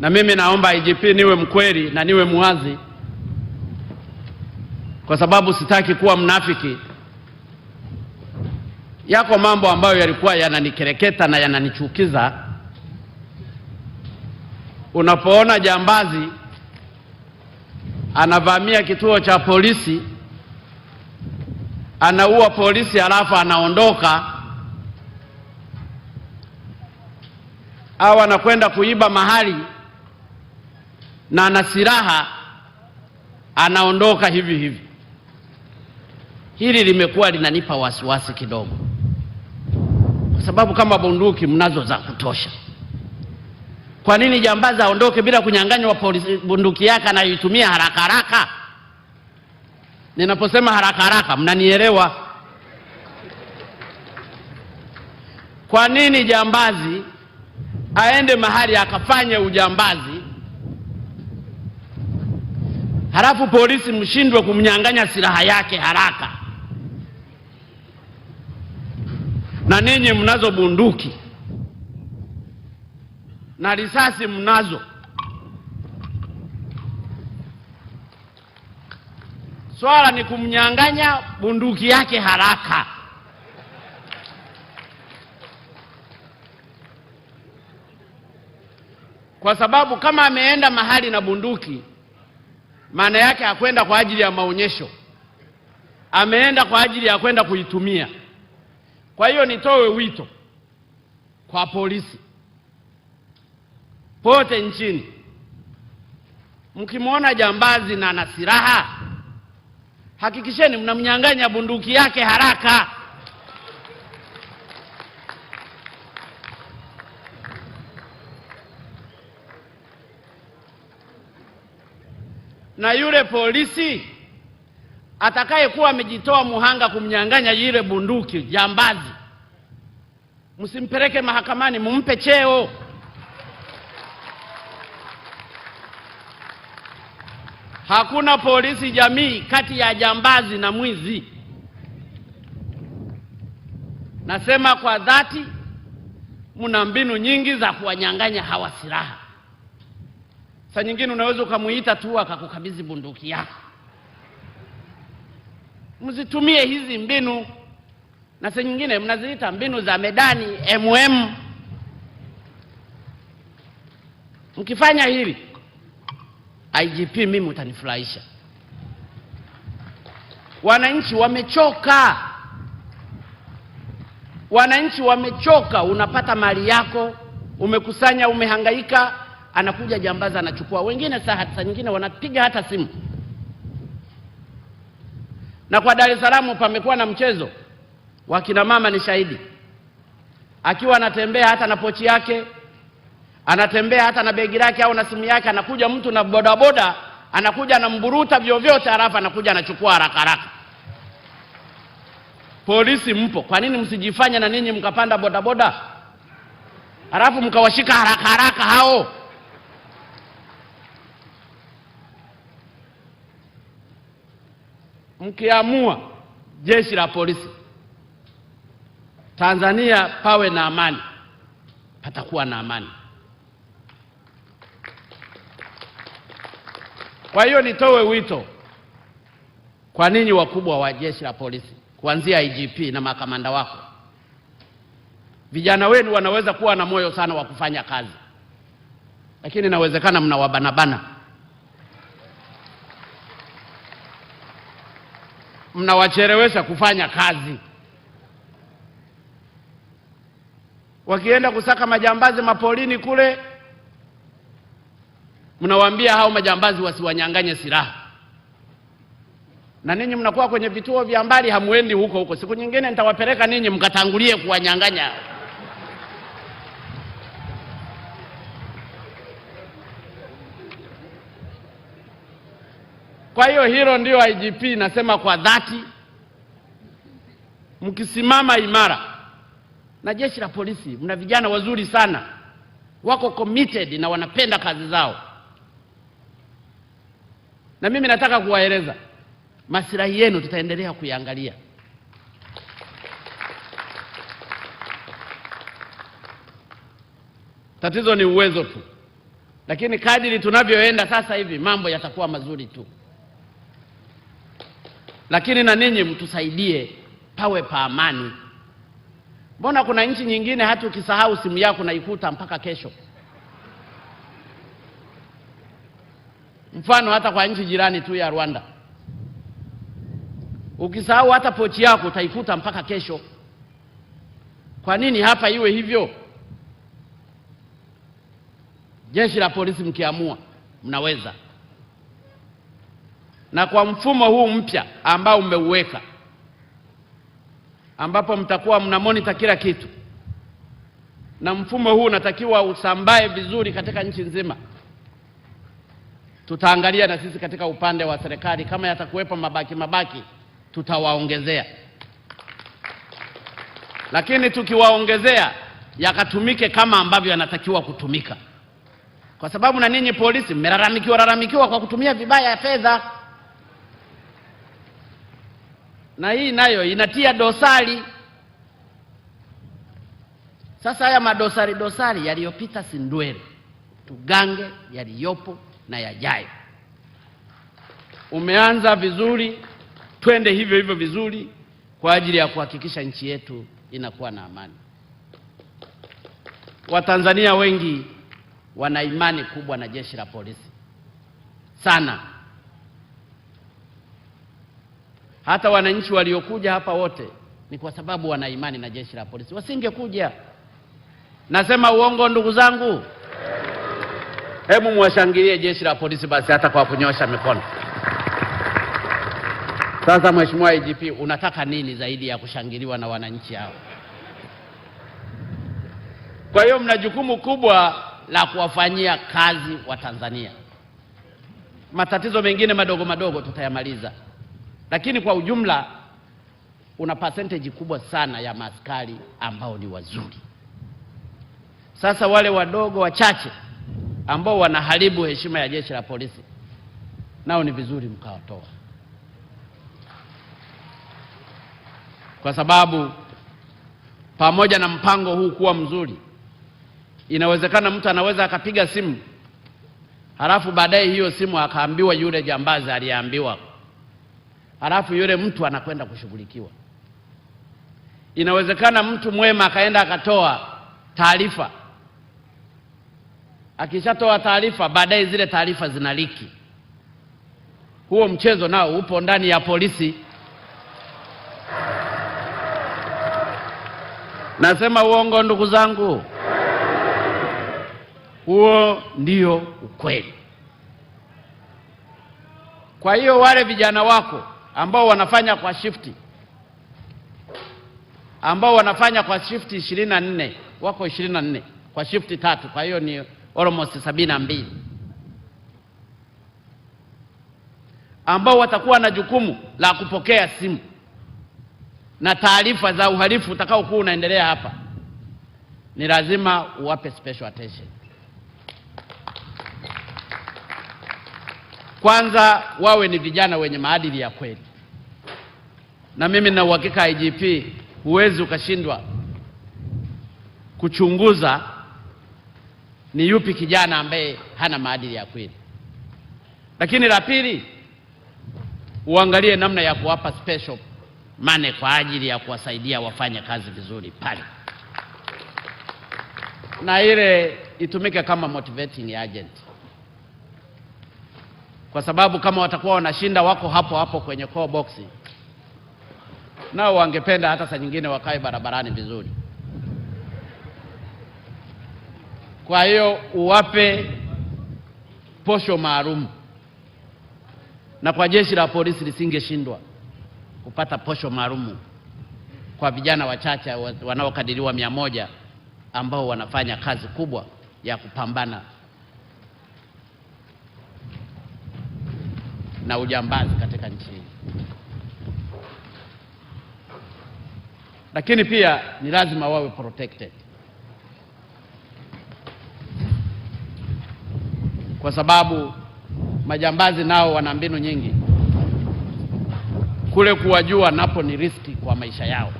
Na mimi naomba IGP niwe mkweli na niwe muwazi, kwa sababu sitaki kuwa mnafiki. Yako mambo ambayo yalikuwa yananikereketa na yananichukiza. Unapoona jambazi anavamia kituo cha polisi, anaua polisi, halafu anaondoka au anakwenda kuiba mahali na ana silaha anaondoka hivi hivi. Hili limekuwa linanipa wasiwasi kidogo, kwa sababu kama bunduki mnazo za kutosha. Kwa nini jambazi aondoke bila kunyang'anywa polisi bunduki yake anayoitumia haraka haraka? Ninaposema haraka haraka, mnanielewa? Kwa nini jambazi aende mahali akafanye ujambazi halafu polisi mshindwe kumnyang'anya silaha yake haraka, na ninyi mnazo bunduki na risasi mnazo. Swala ni kumnyang'anya bunduki yake haraka. Kwa sababu kama ameenda mahali na bunduki maana yake hakwenda kwa ajili ya maonyesho, ameenda kwa ajili ya kwenda kuitumia. Kwa hiyo nitoe wito kwa polisi pote nchini, mkimwona jambazi na ana silaha, hakikisheni mnamnyang'anya bunduki yake haraka. na yule polisi atakayekuwa amejitoa muhanga kumnyang'anya yule bunduki jambazi, msimpeleke mahakamani, mumpe cheo. Hakuna polisi jamii kati ya jambazi na mwizi. Nasema kwa dhati, mna mbinu nyingi za kuwanyang'anya hawa silaha. Saa nyingine unaweza ukamuita tu akakukabidhi bunduki yako. Mzitumie hizi mbinu, na saa nyingine mnaziita mbinu za medani mm. Mkifanya hili IGP, mimi utanifurahisha. Wananchi wamechoka, wananchi wamechoka. Unapata mali yako, umekusanya, umehangaika anakuja jambazi anachukua. Wengine saa hata nyingine wanapiga hata simu. Na kwa Dar es Salaam pamekuwa na mchezo, kina mama ni shahidi, akiwa anatembea hata na pochi yake, anatembea hata na begi lake au na simu yake, anakuja mtu na bodaboda anakuja anamburuta vyovyote, halafu anakuja anachukua haraka haraka. Polisi mpo, kwa nini msijifanya na ninyi mkapanda bodaboda halafu mkawashika haraka haraka hao? mkiamua jeshi la polisi Tanzania pawe na amani, patakuwa na amani. Kwa hiyo nitoe wito kwa ninyi wakubwa wa jeshi la polisi kuanzia IGP na makamanda wako, vijana wenu wanaweza kuwa na moyo sana wa kufanya kazi, lakini inawezekana mnawabanabana. mnawachelewesha kufanya kazi. Wakienda kusaka majambazi mapolini kule, mnawaambia hao majambazi wasiwanyanganye silaha, na ninyi mnakuwa kwenye vituo vya mbali, hamwendi huko huko. Siku nyingine nitawapeleka ninyi mkatangulie kuwanyang'anya Kwa hiyo hilo ndio IGP nasema kwa dhati, mkisimama imara na jeshi la polisi, mna vijana wazuri sana, wako committed na wanapenda kazi zao, na mimi nataka kuwaeleza masilahi yenu tutaendelea kuyaangalia. Tatizo ni uwezo tu, lakini kadiri tunavyoenda sasa hivi mambo yatakuwa mazuri tu lakini na ninyi mtusaidie, pawe pa amani. Mbona kuna nchi nyingine hata ukisahau simu yako naikuta mpaka kesho. Mfano hata kwa nchi jirani tu ya Rwanda, ukisahau hata pochi yako utaikuta mpaka kesho. Kwa nini hapa iwe hivyo? Jeshi la polisi mkiamua, mnaweza na kwa mfumo huu mpya ambao umeuweka ambapo mtakuwa mna monitor kila kitu, na mfumo huu unatakiwa usambae vizuri katika nchi nzima. Tutaangalia na sisi katika upande wa serikali, kama yatakuwepo mabaki mabaki, tutawaongezea, lakini tukiwaongezea yakatumike kama ambavyo yanatakiwa kutumika, kwa sababu na ninyi polisi mmelalamikiwa lalamikiwa kwa kutumia vibaya fedha na hii nayo inatia dosari. Sasa haya madosari dosari yaliyopita si ndwele, tugange yaliyopo na yajayo. Umeanza vizuri, twende hivyo hivyo vizuri kwa ajili ya kuhakikisha nchi yetu inakuwa na amani. Watanzania wengi wana imani kubwa na jeshi la polisi sana. Hata wananchi waliokuja hapa wote ni kwa sababu wana imani na jeshi la polisi, wasingekuja. Nasema uongo ndugu zangu? Hebu mwashangilie jeshi la polisi basi, hata kwa kunyosha mikono. Sasa Mheshimiwa IGP, unataka nini zaidi ya kushangiliwa na wananchi hao? Kwa hiyo mna jukumu kubwa la kuwafanyia kazi wa Tanzania. Matatizo mengine madogo madogo tutayamaliza. Lakini kwa ujumla una percentage kubwa sana ya maaskari ambao ni wazuri. Sasa wale wadogo wachache ambao wanaharibu heshima ya jeshi la polisi, nao ni vizuri mkawatoa, kwa sababu pamoja na mpango huu kuwa mzuri, inawezekana mtu anaweza akapiga simu halafu baadaye hiyo simu akaambiwa yule jambazi aliyeambiwa halafu yule mtu anakwenda kushughulikiwa. Inawezekana mtu mwema akaenda akatoa taarifa, akishatoa taarifa, baadaye zile taarifa zinaliki. Huo mchezo nao upo ndani ya polisi. Nasema uongo, ndugu zangu? Huo ndio ukweli. Kwa hiyo wale vijana wako ambao wanafanya kwa shifti ambao wanafanya kwa shifti ishirini na nne wako ishirini na nne kwa shifti tatu, kwa hiyo ni almost sabini na mbili ambao watakuwa na jukumu la kupokea simu na taarifa za uhalifu utakaokuwa unaendelea hapa, ni lazima uwape special attention. Kwanza wawe ni vijana wenye maadili ya kweli, na mimi na uhakika IGP, huwezi ukashindwa kuchunguza ni yupi kijana ambaye hana maadili ya kweli. Lakini la pili, uangalie namna ya kuwapa special money kwa ajili ya kuwasaidia wafanye kazi vizuri pale, na ile itumike kama motivating agent kwa sababu kama watakuwa wanashinda wako hapo hapo kwenye call box, nao wangependa hata saa nyingine wakae barabarani vizuri. Kwa hiyo uwape posho maalum, na kwa jeshi la polisi lisingeshindwa kupata posho maalum kwa vijana wachache wanaokadiriwa mia moja ambao wanafanya kazi kubwa ya kupambana na ujambazi katika nchi hii. Lakini pia ni lazima wawe protected, kwa sababu majambazi nao wana mbinu nyingi. Kule kuwajua napo ni riski kwa maisha yao.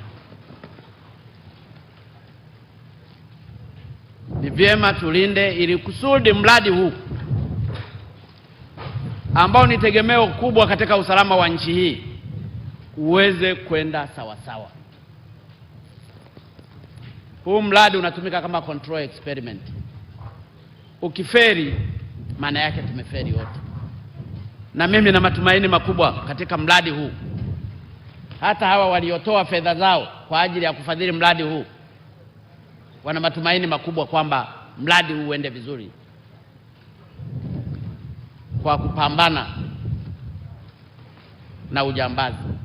Ni vyema tulinde, ili kusudi mradi huu ambao ni tegemeo kubwa katika usalama wa nchi hii uweze kwenda sawasawa. Huu mradi unatumika kama control experiment. Ukiferi maana yake tumeferi wote, na mimi na matumaini makubwa katika mradi huu. Hata hawa waliotoa fedha zao kwa ajili ya kufadhili mradi huu wana matumaini makubwa kwamba mradi huu uende vizuri kwa kupambana na ujambazi.